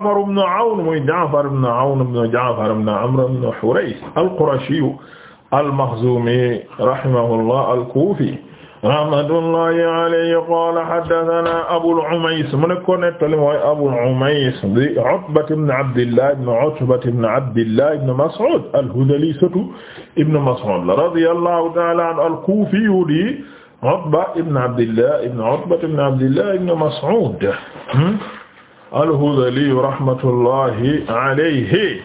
Amr ibn Awn muy Ja'far ibn Awn ibn Ja'far ibn Amr ibn Hurays al-Qurashi al-Makhzumi rahimahullah al-Kufi rahmatullahi alayhi qala haddathana Abul Umays mu ne ko nettali mooy Abul Umays di Utba ibn Abdillah ibn Utba ibn Abdillah ibn Mas'ud al-Hudhali sëtu ibn Mas'ud radiyallahu ta'ala anhu al-Kufi di Utba ibn Abdillah ibn Utba ibn Abdillah ibn Mas'ud hmm? al-Hudhali rahmatullahi alayhi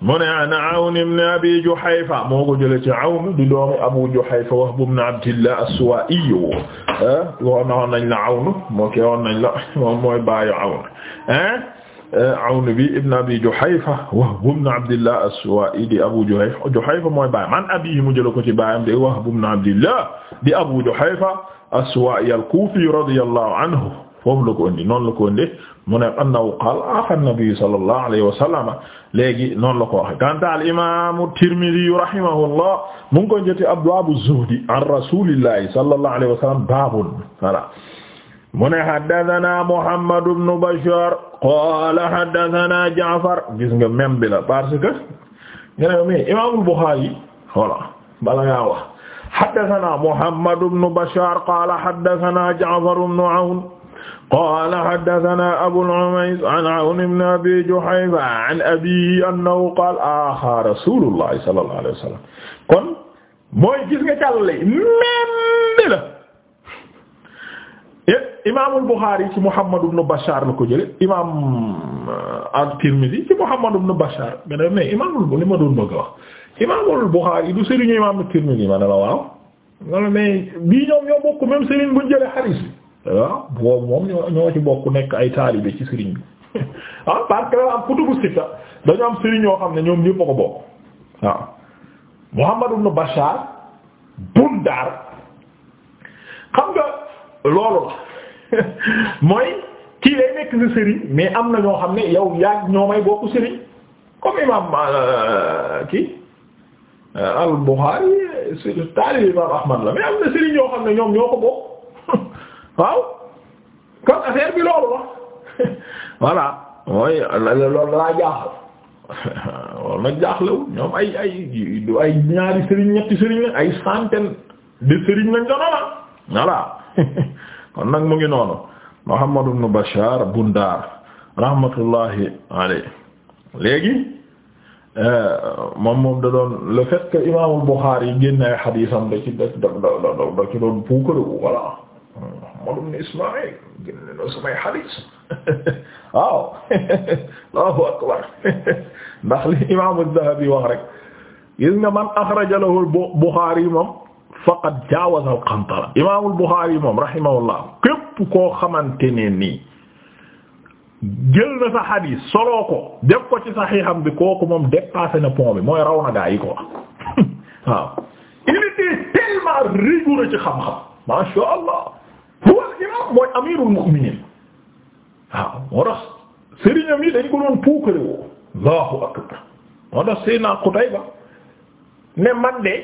mu ne an Awn ibn Abi Juhayfa moo ko jëlee ci Awn di doomi Abu Juhayfa Wahb ibn Abdillah as-Suwa'i woon na nañ la Awn moo ke woon nañ la moom mooy baayu Awn Awn bi ibn Abi Juhayfa Wahb ibn Abdillah as-Suwa'i di Abu Juhayfa Juhayfa mooy baay man abihi mu jëlee ko ci baayam di Wahb ibn Abdillah di Abu Juhayfa as-Suwa'i al-Kufi radiyallahu anhu foofu la ko indi noonu la ko indi mu ne annahu qaal afa nabi sallallahu alayhi wa sallam léegi noonu la ko waxe kanta al imam Tirmidhi rahimahullah mu ngi ko jëti abwaabu zuhdi an rasulillahi sallallahu alayhi wa sallam baabun voilà mu ne haddathana Muhammad ibn Bashar qaala haddathana Ja'far gis nga même bi la parce que nga ne mais imam al-Bukhari voilà bala ngaa wax haddathana Muhammad ibn Bashar qaala haddathana Ja'far ibn Awn qaala haddasanaa Abul Umays an Awn ibn Abi Juhayfa an abiihi annahu qaala aaxaa Rasuulullaah sallallaahu alayhi wa sallam kon mooy gis nga càllale même bi la eh, imaamul Buxaari ci Muhammad ibn Bashaar la ko jële imaam euh, at-Tirmidhi ci Muhammad ibn Bashaar nga ne mais imaamul li ma doon bëgg a wax imaamul Buxaari du sëriñu imaam at-Tirmidhi ma ne la waaw nga ne mais bii ñoom ñoo bokk même sëriñ buñ jële hadiis bi waaw boobu moom ñoo ñoo ci bokk nekk ay taalibe ci sëriñ bi ah parce que am kutubu sitta dañu am sëriñ yoo xam ne ñoom ko bokk xam nga loolu la kii lay nekk na ñoo xam ne yow yaa ñoomay bokk sëriñ comme imam euh, kii euh, al Bukhari taalibe Ahmad la mais am na sëriñ yoo xam ne ñoom ñoo ko bokk waaw kon affaire bi loolu la voilà mooy loolu laa jaaxal loolu nag ay ay du ay ñaari sëriñ ñetti sëriñ ay centaine de sëriñ lañ doon na voilà kon nag mu ngi noonu Muhammad ibn Bashar Bundar rahmatullahi alayhi léegi euh, moom moom da doon le fait que imaamul Bukhari génne ay xadiisam da ci da doon puukarewu voilà. Muhammad ibn Ismaïl génne na samay xadiis waaw yi moom faqad jaawaza al-qantara imaamul yi moom rahimahullah képp koo xamante ne nii jël na sa xadiis soloo ko def ci saxiixam bi kooku moom dépassé na pont mooy raw na gaa yi ko waaw ci xam-xam masha imaam mooy amirul mu'minin waaw moo tax sëriñam yi dañ ko doon puukale woo allahu akbar moo tax Seydina Qutayba ne man de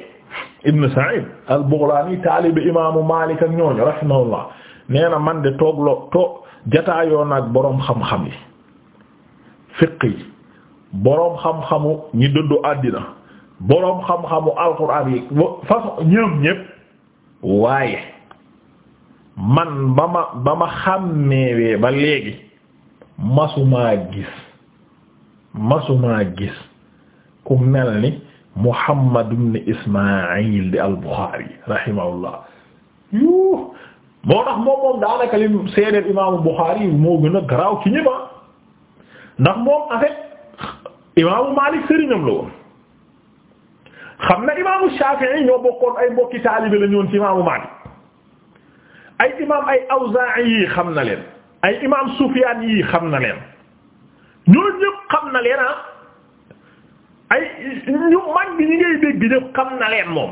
Ibn Sa'id al-Baghlani taalibi imaamu Maalik ak ñooñu rahimahullah nee man de toog loo toog jataayoo nag boroom xam-xam yi fiq boroom xam-xamu ñi dëddu àddina boroom xam-xamu alxuraan yi façon ñoom ñépp waaye man ba ma ba ma xàmmeewee ba léegi masumaa gis masumaa gis ku mel ni Muhammad ibn Ismaayil di al-Bukhari rahimahullah moo tax moom moom daanaka li seedeel imaamu moo gën a garaaw ci ñëpp ah. ndax moom en imaamu Maalik sëriñam la woon xam na imaamu Shafi'i ñoo bokkoon ay mbokki taalibe la ñu woon Maalik ay imaam ay Awzaa'i yii xam na leen ay imaam Sufyaan yii xam na leen ñoo ñëpp xam na leen ah ay ñu mag ñi ngay dégg ñëpp xam na leen moom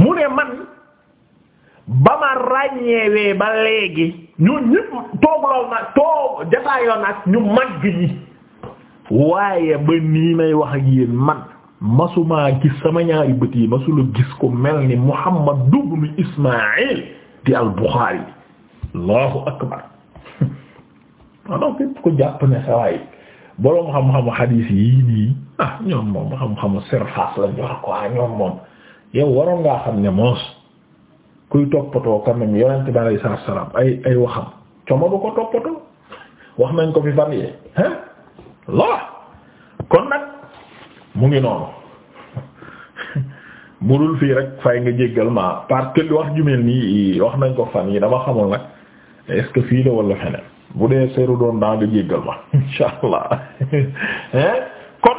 mu ne man ba ma ràññeewee ba léegi ñoo ñëpp tooglool na toog jataayoon ak ñu mag ñi waaye ba nii may wax ak yéen man masumaa gis sama ñaari bët yi masula gis ko mel ni Muhammad ibn Ismaayil ti al Bukhari allahu akbar alors képp ko jàpp ne sawaay boroom xam-xamu xadiis yii nii ah ñoom moom xam-xamu surface la ñor quoi ñoom moom yow waroon ngaa xam ne moos kuy toppatoo quand même yonent bi alayhi salaatu salaam ay ay waxam coma du ko toppatoo wax nañ ko fi fan yee hein la kon nag mu ngi noonu mu dul fii rek fay nga jéggal ma parce que wax ju mel nii wax nañ ko fan yi dama xamul nag est-ce feneen bu dee seeru doon daa nga jéggal ma insha allah kon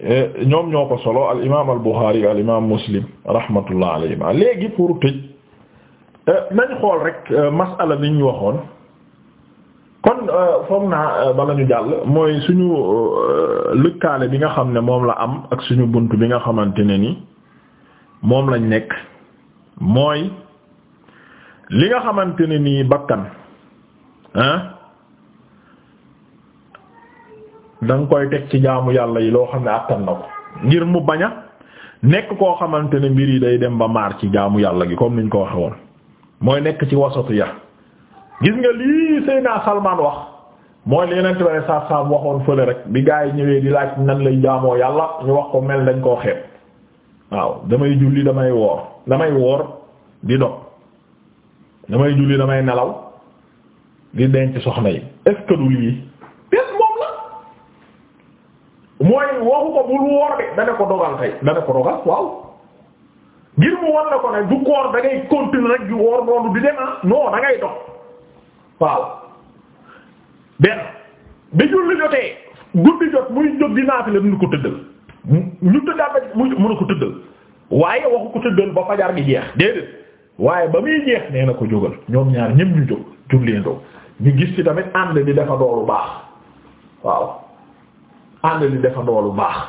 eh, ñoom ñoo ko solo al imaam al Buxaari al imaam Muslim rahmatullah alayhima léegi pour tëj eh, nañ xool rek eh, masala bi ñu waxoon kon euh, foog naa euh, bala ñu jàll mooy suñu euh, lëkkaale bi nga xam ne moom la am ak suñu bunt bi nga xamante ne nii moom lañ nekk mooy li nga xamante ne nii bakkan ah da koy teg ci jaamu yàlla yi loo xam ne àttan na ko ngir mu bañ a nekk koo xamante ne mbir yi day dem ba maar ci jaamu yàlla gi comme niñ ko waxe woon mooy nekk ci wasatu ya gis nga lii Seydina Salman wax mooy li yeneen tibere saab saab waxoon fële rek bi gaa yi ñëwee di laaj nan lay jaamoo yàlla ñu wax ko mel dañ koo xeeb waaw damay julli damay woor damay woor di dog damay julli damay nelaw di denc soxna yi est lii des moom la mooy waxu ko bul woor de dana ko dogal tey dana ko dogal waaw ngir mu war la ko ne du koor da ngay rek di woor noonu di dem ah non da dog waaw benn bi julli jotee guddi jot muy jóg di naafila nu ko tëddal ñu tëddaat ba mu mën ko tëddal waaye waxu ko tëddal ba fajar gi jeex déedéet waaye ba muy jeex nee na ko jógal ñoom ñaar ñépp ñu jóg julleendoo ñu gis ci tamit ànd di dafa baax waaw ànd di dafa baax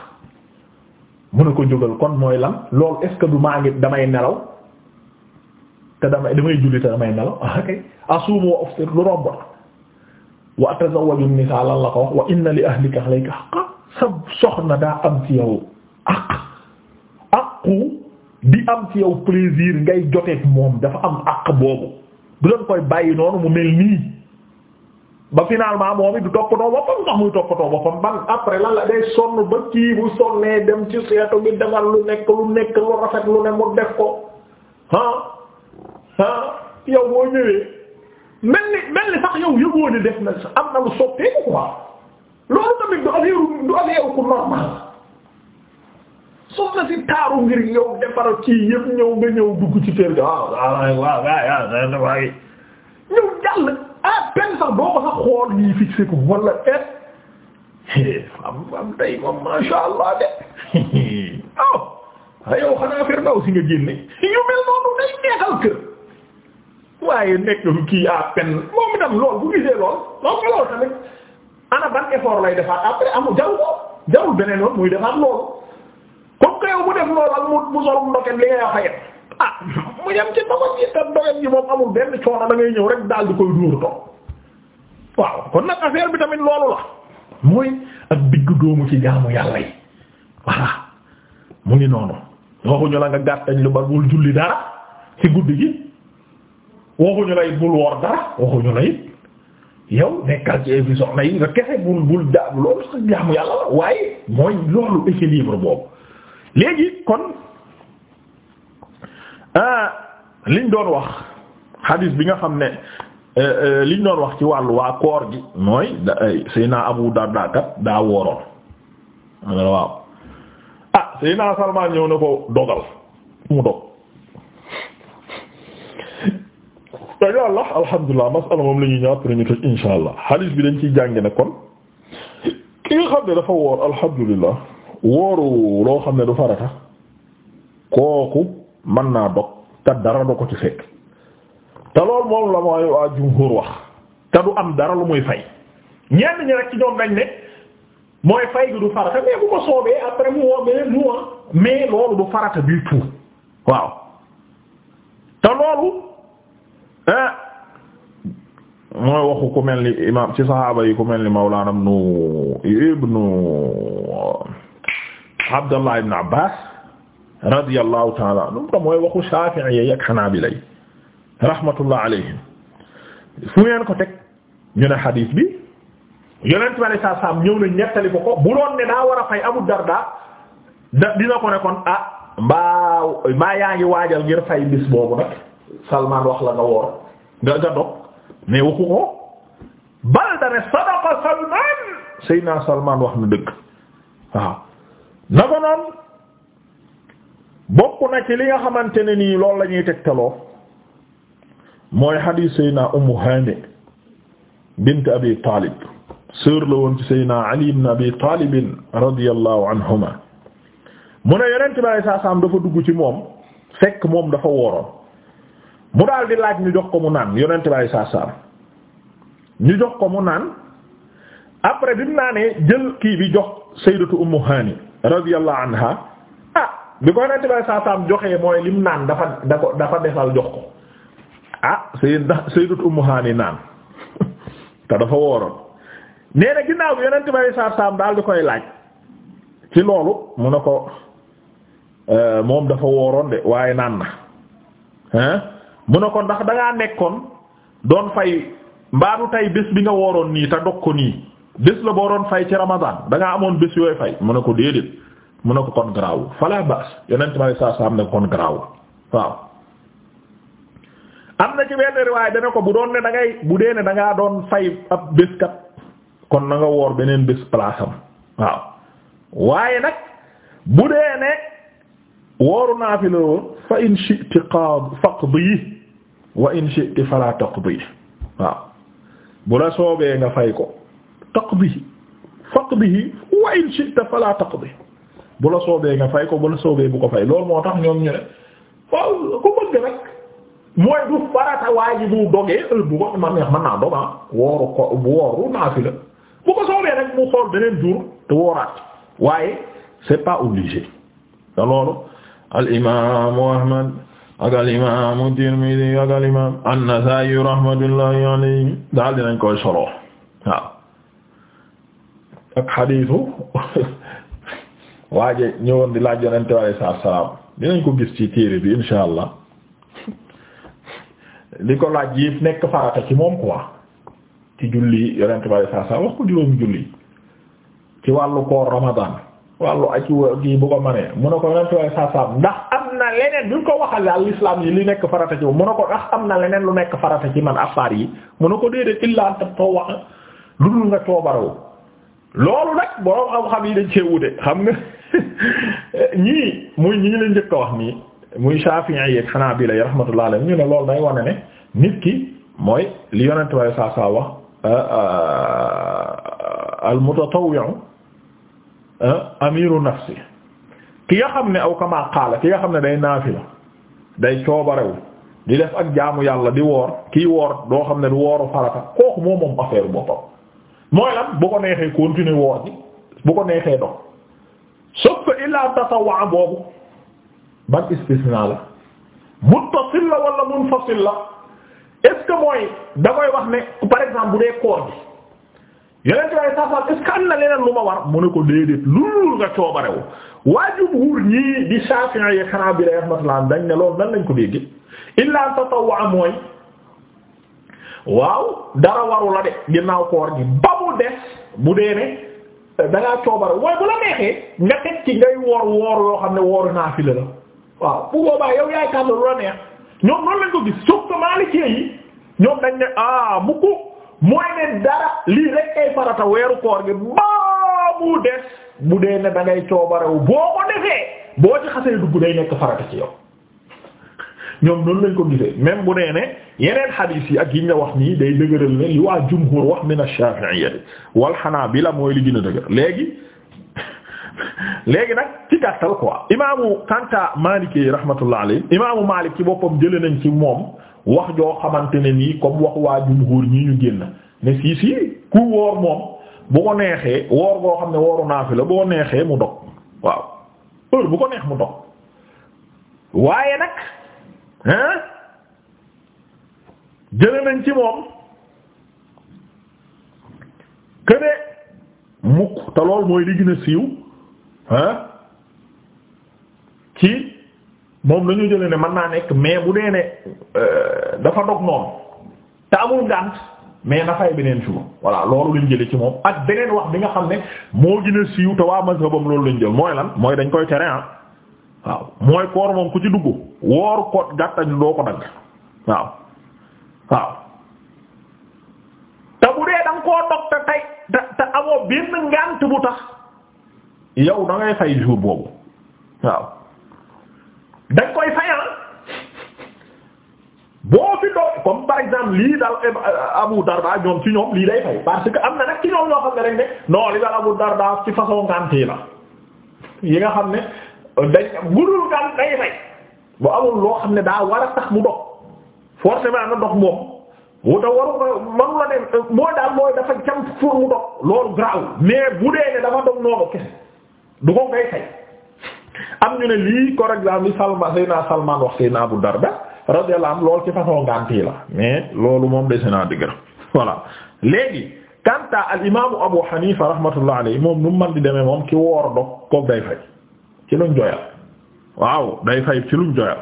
mën na ko jógal kon mooy lan loolu est-ce que maa ngi damay nelaw te damay damay julli te damay nelaw akay ah, asuumu wa aftir lu romb wa atazawwaju nisaa lan la ko wax wa inna li ahlika alayka haqqan soxna daa am ci yow aq aqu di am ci yow plaisir ngay joteeg moom dafa am aq boobu du leen koy bàyyi noonu mu mel nii ba finalement moom it du toppatoo boppam ndax muy toppatoo boppam ban après lan la day sonn ba kii bu sonnee dem ci seetu bi defal lu nekk lu nekk lu rafet lu ne mu def ko ah yow boo ñëwee mel ni mel ni sax yow yëgoo ni def na am na lu soppeeku quoi loolu tamit du affaire du affaire ku normal soxna si taaru ngir yow defaral ci yëpp ñëw nga ñëw dugg ci kër ga waaw waaw waaw waaw waaw ñëw jàll ah benn sax doo ko sax xool ñuy fixé ko wala et am am day moom masha Allah de oh, ah yow xanaa firndaw si nga génne yu mel noonu day neexal kër. waaye nekk kii à peine moom itam lool bu gisee lool moom nga lool tamit ana ban effort lay defaat après amul jarul ko jarul beneen yoon muy defaat loolu comme que yow mu def loolu ak mu mu solum li nga wax a yem ah mu yem ci ndokem yi te ndokem yi moom amul benn coono da ñëw rek daal di koy dóor toog waaw kon nag affaire bi tamit loolu la mooy ak diggu doomu ci jaamu yàlla yi voilà mu ngi noonu waxuñu la nga gàttañ lu ba bul julli dara ci guddi gi. waxuñu la it bul woor dara waxuñu la yow nekkal ci émission soxna yi nga kese bul bul ja loolu sax jaamu yàlla la waaye mooy loolu équilibre boobu léegi kon ah liñ doon wax hadis bi nga xam ne eh, eh, liñ doon wax ci wàllu waa koor gi mooy eh, Seyna Abu Darda daa wooroon waaw ah Seyna Salman ñëw na ko dogal mu dog te loolu la alhamdulilah masala moom la ñuy ñëwaat pour ñu tëj insha allah hadith bi dañ ciy jàngi ne kon ki xam ne dafa woor alhamdulilah wooru loo xam ne du farata kooku mën naa dog te dara do ko ci fekk te loolu moom la mooy waa jumhur wax te du am dara lu muy fay ñenn ñi rek ci ñoom dañ ne mooy fay gi du farata mais bu ko soobee après mu woo beneen mu mais loolu du farata du tout waaw te loolu. ah mooy waxu ku mel ni imaam ci saxaaba yi ku mel ni Mawlaana ibnu ibnu Abdallah ibnu Abbaas radiyallahu ta'ala anhu mooy waxu Shaafi'i ak Hanaabila rahmatullah alayhim fu ngeen ko teg ñu ne xadiis bi yonent bi saa saam ñëw na ñettali ko ko bu doon ne daa war a fay Abu Darda da dina ko ne kon ah mbaa mbaa yaa ngi waajal ngir fay bis boobu nag. Salman wax la nga woor nga nga dog mais waxu ko bal dane sadaqa Salman Seydina Salman wax na dëgg waaw na ko noon bokk na ci li nga xamante ne nii loolu la ñuy tegtaloo mooy hadith Seydina Ummu Hani bint Abi Talib sœur la woon ci Seydina Ali ibn Abi Talib radiyallahu anhuma mu ne yonent bi sallallahu alayhi dafa dugg ci moom fekk moom dafa wooroon mu daal di laaj ñu jox ko mu naan yonent bi saa saa ñu jox ko mu naan après bi mu naanee jël kii bi jox sayyidatu ummu hani radiyallahu anha ah bi ko yonent bi saa mooy lim naan dafa dafa defal jox ko ah sayyidatu ummu naan te dafa wooroon nee na ginnaaw bi yonent bi saa daal di koy laaj ci loolu mu ne ko euh, moom dafa wooroon de waaye naan na mu ne ko ndax dangaa nekkoon doon fay mbaadu tay bés bi nga wooroon nii te dog ko nii bés la boo doon fay ci ramadan da ngaa amoon bés yooyu fay mun ne ko déedéet mun ne ko kon garaawul fala yonent ma saa saa am ne ko kon garaawul waaw. am na ci benn riwaay dana ko bu doon ne da bu dee ne da doon fay ab bés kat kon na woor beneen bés place am waaw waaye nag bu dee ne wooru naa fi la fa in shi'ti qad faqdi wa in shi'ti fala taqdi waaw bu la soobee nga fay ko taqdi faqdihi wa in shi'ta fala bu la soobee nga fay ko bu soobee bu ko fay loolu moo tax ñoom ñu ne waaw ku bëgg nag mooy du farata waa ji bu dogee bu ko ma neex mën naa dog ah wooru ko wooru naafila bu ko soobee rek mu xool beneen jour te waaye c'est pas obligé te al imaamu Ahmad ak al imaamu Tirmidi ak al imaam An-Nasaa'i rahmatullahi alayhi daal dinañ koy solo waaw ak xadiisu waaje ñëwoon di laaj yonente bi alayhi salaatu salaam dinañ ko gis ci téere bi insha allah li ko laaj yi nekk farata ci moom quoi ci julli yonente bi alayhi salaatu salaam wax ko juróomi julli ci wàllu koor Ramadan wàllu aji kii bu ko mënee mu ne ko yonente bi alayhi salaatu salaam ndax am leneen bi ko waxal daal yi li nekk farata ci mu ne ko ndax am na leneen lu nekk farata ci man affaire yi mu ne ko déedéet illa an tatawwa lu dul nga toobaroo loolu nag borom xam-xam yi dañ cee wute xam nga ñii muy ñi ngi leen njëkk a wax nii muy Shafi'i yi ak Hanabila yi rahmatullah alayhi ñu ne loolu day wane ne nit ki mooy li yonent waaye saa wax euh, euh, al euh, amiru nafsi ki nga xam ne aw kamaa qaala ki nga xam ne day naafila day coobarewu di def ak jaamu yàlla di woor kii woor doo xam ne du wooru farata kooku moom moom affaire boppam mooy lan bu ko neexee continuer woor ji bu ko neexee dox sauf que illaa tatawwa boobu ban istisna la muttasil la wala munfasil la est ce mooy da wax ne par exemple bu dee koor gi yeneen ci nañ saafara est-ce que am na leneen lu ma war mu ne ko déedéet loolu nga coobarewu waa jumhuur ñii di Shafi'i yi Hanbali rahmatullah dañ ne loolu nan lañ ko dégg illa tatawwa mooy waaw dara waru la de ginnaaw koor gi ba mu des bu dee ne da coobarewu waaye bu la neexee nga teg ci ngay woor woor yoo xam ne wooru naafila la waaw bu boobaa yow yaay tànn lu la neex ñoom noonu lañ ko gis sauf que Maliki yi ñoom dañ ne ah bu ko. mooy ne dara lii rek farata weeru koor gi ba mu des bu dee ne dangay ngay coobarewu boo ko defee boo ci xasee dugg day nekk farata ci yow ñoom noonu lañ ko gisee même bu dee ne yeneen xadiis ak yi wax nii day dëgëral ne li waa jumhur wax min ash-shafi'iyya wal hanabila mooy li gën a dëgër léegi léegi nag ci gàttal quoi imaamu Kanta Maliki rahmatullah imaamu Malik ci boppam jëlee nañ ci moom. wax joo xamante ne nii comme wax waa jumhur ñi ñu génn ne sii si ku woor moom bu ko neexee woor goo xam ne wooru naa fi la boo neexee mu dog waaw heure bu ko neex mu dog waaye nag hein jële nañ ci moom këne mukk te mooy li gën siiw hein ci moom la ñu jëlee ne mën naa nekk mais bu dee ne euh, dafa dog noonu te amul gànt mais na fay beneen jour voilà loolu lañ jëlee ci moom ak beneen wax bi nga xam ne moo gën a siiw te waa mazhabam loolu lañ jël mooy lan mooy dañ koy tere ah mooy koor moom ku ci dugg woor ko gàttañ doo ko dagg waaw waaw te bu dee da koo dog te tey te amoo benn ngànt bu tax yow da fay jour boobu waaw dañ koy fayal boo fi doon comme par exemple lii daal Abu Darda ñoom ci ñoom lii day fay parce que am na nag ci ñoom ñoo xam ne rek ne non li daal Abu ci façon ngànt yi nga xam ne dañ gudul ngànt loo xam ne daa war a mu dox forcément na dox moom wuta waru manu la mooy daal mooy dafa jam pour mu dox loolu graw mais bu dee ne dafa dox noonu kese du ko ngay fay am ñu ne lii par exemple Salma Seyna Salman wax Seyna Abu Darda radiyallahu anhu lool ci façon ngànt yi la mais loolu moom dese naa dëgg voilà léegi kanta al imaamu Abu Hanifa rahmatullah moom nu man di demee moom ki woor dog kook day fay ci luñ joyal waaw day fay ci luñ joyal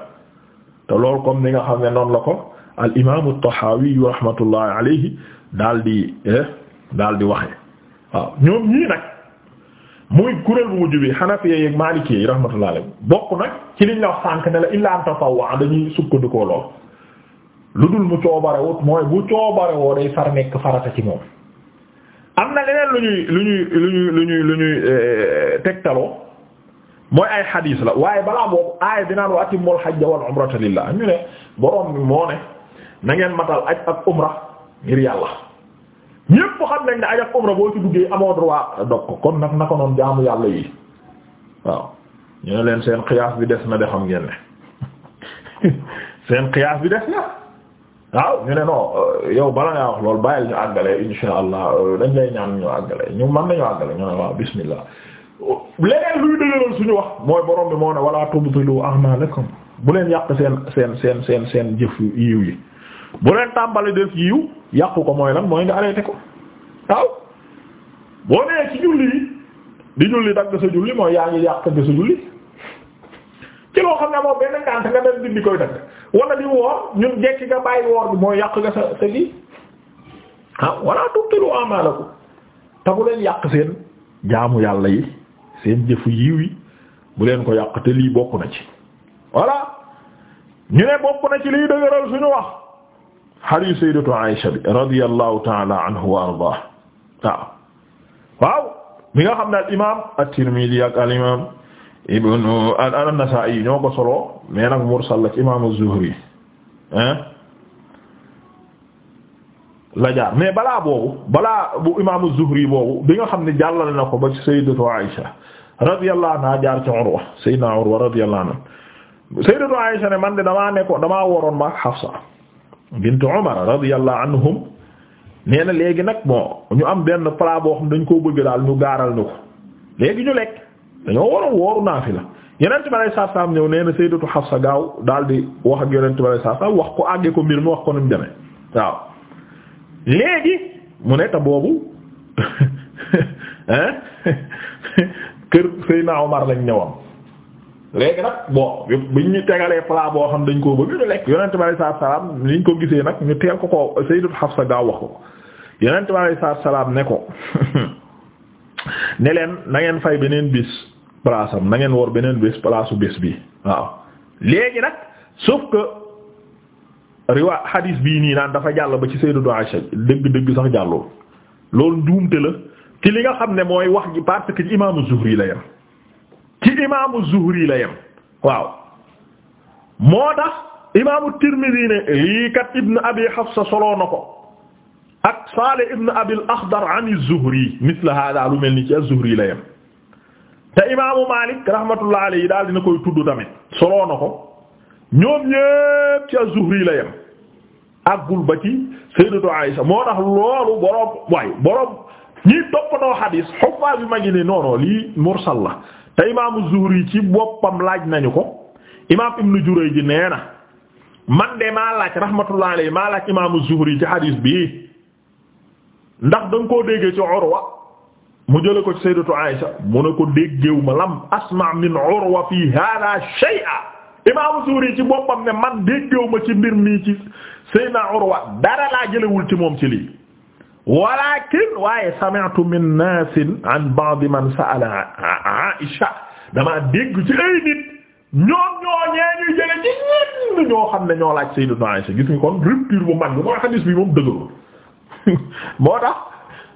te loolu comme ni nga xam ne noonu la ko al imaamu Tahawi rahmatullah daal di eh, daal di waxee waaw ñoom ñii nag muy kuréel bu mujj bi xanafiya yeeg maliki yi rahmatullah alayhi bokk nag ci liñ la wax sànk ne la illa tatawwa dañuy sukkandikoo lool lu dul mu coobarewut mooy bu coobarewoo day far nekk farata ci moom. am na leneen lu ñuy lu ñuy lu ñuy lu ñuy lu ñuy euh, euh, tegtaloo mooy ay xadiis la waaye balaa boobu aaya dinaan wa atimmul hajja wal umrata lillah ñu ne borom bi moo ne na ngeen matal aj ak umra ngir yàlla. ñépp xam nañ ne aj ak umra boo ci duggee amoo droit dog ko kon nag naka noonu jaamu yàlla yi waaw ñu ne leen seen xiyaas bi des na de xam ngeen ne seen xiyaas bi des na waaw ñu ne non euh, yow bala ngaa wax loolu bàyyil ñu àggale insha allah euh, dañ lay ñaan ñu àggale ñu mën nañu àggale ñu ne waaw bismillah leneen luy dëgëral suñu wax mooy borom bi moo ne wala tubtilu a'malakum bu leen yàq seen seen seen seen seen jëf yiw yi bu leen tàmbali def yiw yàqu ko mooy lan mooy nga arrêté ko waaw boo nee ci julli di julli dagg sa julli mooy yaa ngi yàq dagg sa julli ci loo xam ne moom benn ngànt nga dem dindi koy dagg wala di woor ñun jekki nga bàyyi woor bi mooy yàq nga sa sa gi ah wala tubtilu amalakum te bu leen yàq seen jaamu yàlla yi seen jëfu yiw yi bu leen ko yàq te lii bokk na ci voilà ñu ne bokk na ci liy dëgëral suñu wax xadiis sayyidatu Aisha bi radiyallahu ta'ala anhu wa ardaah waaw waaw mi nga xam ne al imaam at-Tirmidhi ak al imaam ibnu an-Nasaa'i ñoo ko solo mais nag mursal la ci imaam az-Zuhri la jaar mais balaa boobu balaa bu imaam az-Zuhri bi nga xam ne jàllale na ko ba ci sayyidatu Aisha radiyallahu anha jaar ci Urwa sayyidina Urwa radiyallahu anhu sayyidatu Aisha ne man de damaa nekkoon damaa waroon ma Hafsa bint Umar radiyallahu anhum nee na léegi nag bon ñu am benn plat boo xam dañ koo bëgg daal ñu gaaral ñu ko léegi ñu lekk dañoo waroon wooru naafila yonent bi alayhi salaam ñëw nee na sayyidatu Hafsa gaaw daal di wax ak yonent bi alayhi salaam wax ko àggee ko mbir mi wax ko ni mu demee waaw léegi mu ne te boobu kër Seydina Omar lañ ñëwam léegi nag bon biñ ñu tegalee plat boo xam dañ koo bëgg ñu lekk yonent bi alayhi salaatu salaam liñ ko gisee nag ñu teel ko ko Sayyidatu Hafsa gaaw wax ko yonent bi alayhi salaatu salaam ne ko ne leen na ngeen fay beneen bis place am na ngeen wor beneen bis place su bis bi waaw léegi nag sauf que. riwa hadis bii nii naan dafa jàll ba ci Sayyidatu Aisha dëgg-dëgg sax jàllul loolu njuumte la ci li nga xam ne mooy wax ji parce que imaamu Zuhri la yem ci imaamu Zuhri la yem waaw moo tax imaamu ne lii kat Ibn Abi Hafsa soloo na ak Salih Ibn Abil Akhdar an ni ci az-Zuhri la daal dina ko ñoom ñépp ci az-Zuhri la yem àggul ba ci Sayyidatu Aisha moo tax loolu boroom waay boroom ñiy toppatoo xadiis bi magi ne non non te imaamu Zuhri ci boppam laaj nañu ko imaam Ibnu Jurayj nee na man de maa laaj rahmatullah alayhi maa laaj imaamu Zuhri ci hadis bi ndax da nga koo déggee ci Urwa mu jële ko ci sayyidatu Aisha mu ne ko déggeew ma lam asma min Urwa fi hada shay'a imaamu Zuhri ci boppam ne man déggeew ma ci mbir mii ci sayyidina Urwa dara laa jëlewul ci moom ci lii walakin waaye sami'tu min naasin an ba'di man sa'ala Aisha damaa dégg ci ay nit ñoom ñooñee ñu jële ci ñenn ñoo xam ne ñoo laaj Sayyidatu Aisha gis nga kon rupture bu mag bi mooy xadiis bi moom dëgërul moo tax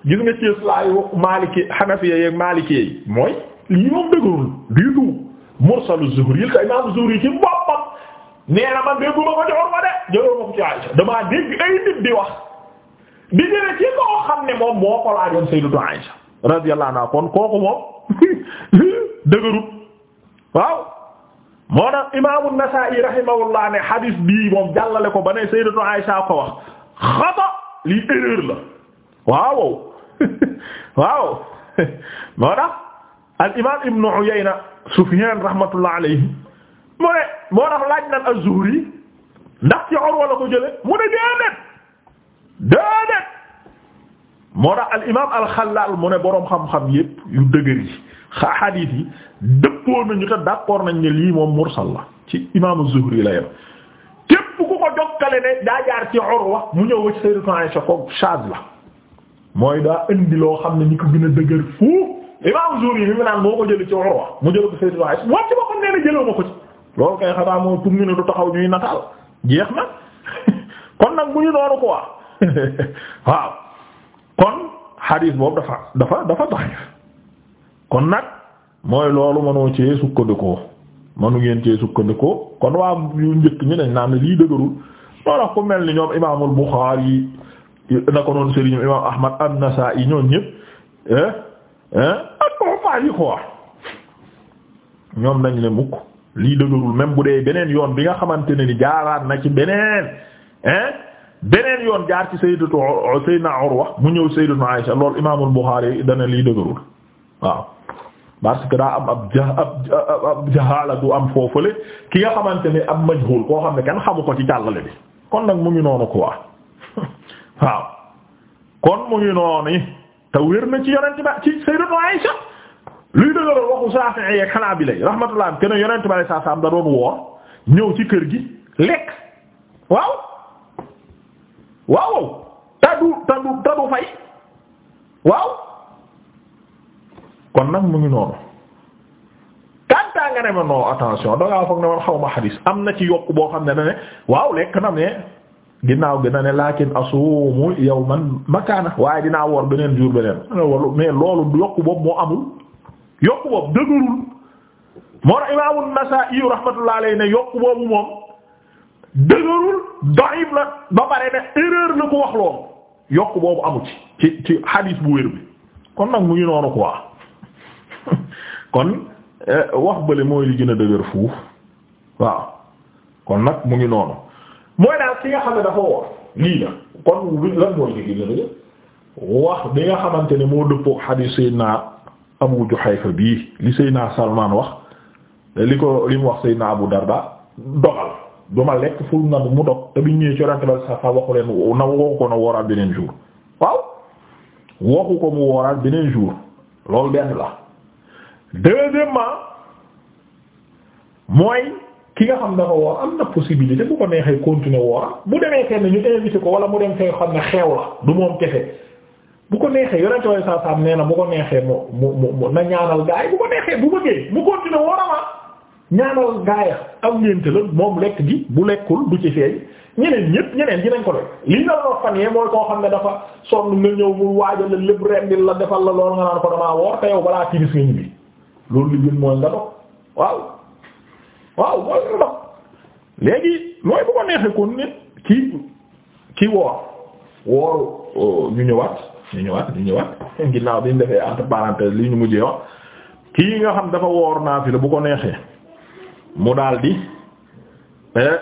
gis nga ci laayu Maliki Hanafiya yeeg Maliki yi mooy lii moom dëgërul du tout mursalu Zuhri yi te imaam Zuhri ci boppam nee na man déggu ma ko joxoon ma de jëloon ma ko ci Aisha damaa dégg ay nit di wax. bi ñëwee ci koo ne moom moo ko laajoon Sayyidatu Aisha radiyallahu anha kon kooku moom dëgërut waaw moo tax imaamu Nasaa'i rahimahullah ne hadis bii moom jàllale ko ba ne Sayyidatu Aisha ko wax xata lii erreur la waaw moo tax al Ibn Uyayna Sufyaan rahmatullah alayhi moo tax laaj nan zuhri ndax ci Urwa la ko jële mu ne déedéet déedéet moo tax al imaam alxalaal mu ne boroom xam-xam yépp yu dëgër yi xadiis yi dëppoo nañu te d'accord nañ ne lii moom mursal la ci imaamu Zuhri la yem képp ku ko jokkale ne daa jaar ci Urwa mu ñëw ci Sayyidatu Aisha ko shaaz la mooy daa indi loo xam ne ñi ko gën a dëgër foofu imaamu Zuhri mi mu naan moo ko jëlee ci Urwa mu jëlee ko Sayyidatu Aisha moom ci boppam nee na jëloo ma ko ci loolu kay xanaa moom pour ne du taxaw ñuy nataal jeex na kon nag waaw kon xadiis boobu dafa dafa dafa daif kon nag mooy loolu mënoo cee sukkandikoo mënu ngeen cee sukkandikoo kon waa yu njëkk ñi dañ naan lii dëgërul moo tax ku mel ni ñoom imaamul Buxaari na ko noonu sëriñ imaam Ahmad an-Nasaa'i ñoom ñëpp ah ah ak Muhammad yi ko ñoom nañ ne mukk lii dëgërul même bu dee beneen yoon bi nga xamante ne ni jaaraat na ci beneen hein eh, beneen yoon jaar ci sayyidatu sayyidina Urwa mu ñëw sayyidatu Aisha loolu imaamul Buxaari dana liy dëgërul waaw parce que daa am ab ja ab jahaala du am foofule ki nga xamante ne ab majhul koo xam ne kenn xamu ko ci jàllale bi kon nag mu ngi noonu quoi waaw kon mu ngi noonu te wér na ci yonent ba ci sayyidatu Aisha luy dëgëral waxu Shafi'i yeeg Hanabila rahmatullah kenn yonent ba saa saam da doon woor ñëw ci kër gi lekk waaw. waaw tadu tadu tadu fay waaw kon nag mu ngi noonu kantaa nga ne ma non attention dangaa foog ne man xaw ma xadis am na ci yokk boo xam ne da ne waaw lekk na ne ginnaaw gi na ne lakin asuumu yawman makaana waaye dinaa woor beneen jour beneen mais loolu yokk boobu moo amul yokk boobu dëgërul moo tax Imaam An-Nasaa'i ne yokk boobu moom dëgërul doyib la ba pare ne erreur la ko wax loolu yokk boobu amu ci ci ci hadith bu wér bi kon nag mu ngi noonu quoi kon eh, wax bële mooy li gën a dëgër fuuf waaw kon nag mu ngi noonu mooy daal ki nga xam ne dafa woor lii la kon lan mooy li gën a dëgër wax bi nga xamante ne moo dëppook hadith naa Abu Juhayfa bii li Seydina Salman wax li ko li mu wax Seydina Abu Darda dogal du lekk ful na mu dog te bi ñëwee ci sa sa waxu leen na woo ko na wooraat beneen jour waaw waxu ko mu wooraat beneen jour loolu benn la deuxièmement mooy ki nga xam dafa woor am na possibilité bu ko neexee continuer wooraat bu demee fenn ñu invité ko wala mu dem fee xam ne xeew la du moom kese bu ko neexee yonent bi sa sa nee na bu ko neexee mu mu mu na ñaanal gaay bu ko neexee bu bëggee mu continuer wooraat ñaanal gaaya am ngénte la moom lekk gi bu lekkul du ci feeñ ñeneen ñépp ñeneen dinañ ko def lii nga doon fan yee mooy koo xam ne dafa sonn nga ñëw mu waajal la lépp rendil la defal la lool nga naan ko damaa woor te yow balaa timis nga ñibbi loolu li gën mooy mooy nga dox léegi mooy bu ko neexee kon nit ki ki woor woor oh, ñu ñëwaat ñu ñëwaat ñu ñëwaat bi ñu defee entre parenthèses li ñu mujjee wax kii nga xam dafa woor naa fi la bu ko neexee mu daal di eh,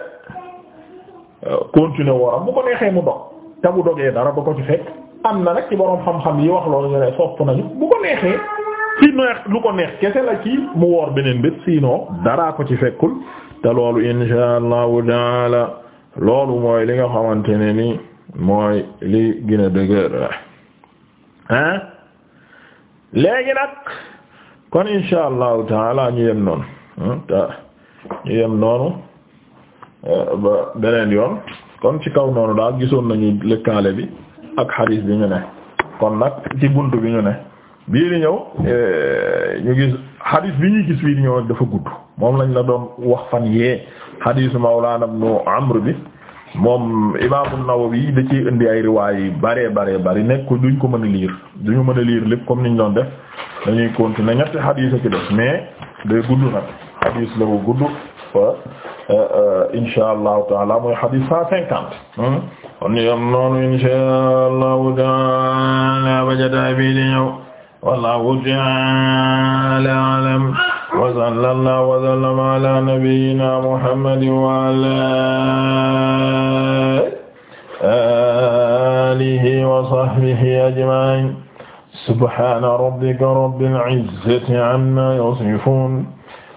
continuer woram bu ko neexee mu dog te bu dogee dara ba ko ci fekk am na nag ci boroom xam-xam yi wax loolu ñu ne sopp nañu bu ko neexee ci neex lu ko neex kese la ci mu woor beneen bët sinon daraa ko ci fekkul te loolu insha allahu taala loolu mooy li nga xamante ne ni mooy li gën a dëgër hein léegi nag kon insha allahu taala ñu yem noonu ñu yem noonu euh, beneen yoon kon ci kaw noonu daal gisoon nañu lëkkaale bi ak xadiis bi ñu ne kon nag ci bunt bi ñu ne bii di ñëw euh, ñu gis xadiis bi ñuy gis bii di ñëw nag dafa gudd moom lañ la doon wax fan yee xadiisu Mawlaana ibnu Amr bi moom Imaam An-Nawawi da ciy indi ay riwaay yu bare bare bari nekk duñ ko mën a liir duñu mën a liir lépp comme ñu doon def dañuy continuer ñetti xadiis a ci def mais day gudd nag xadis la bu gudd fa euh, insha allahu taala mooy xadis cent cinquante kon yam noonu insha allahu taala bajata bi di ñëw wallahu taala alam wa sallallahu wa sallama ala nabiyyina muhammadin wa ala alihi wa sahbihi ajma'in subhana rabbika rabbil izzati amma yasifun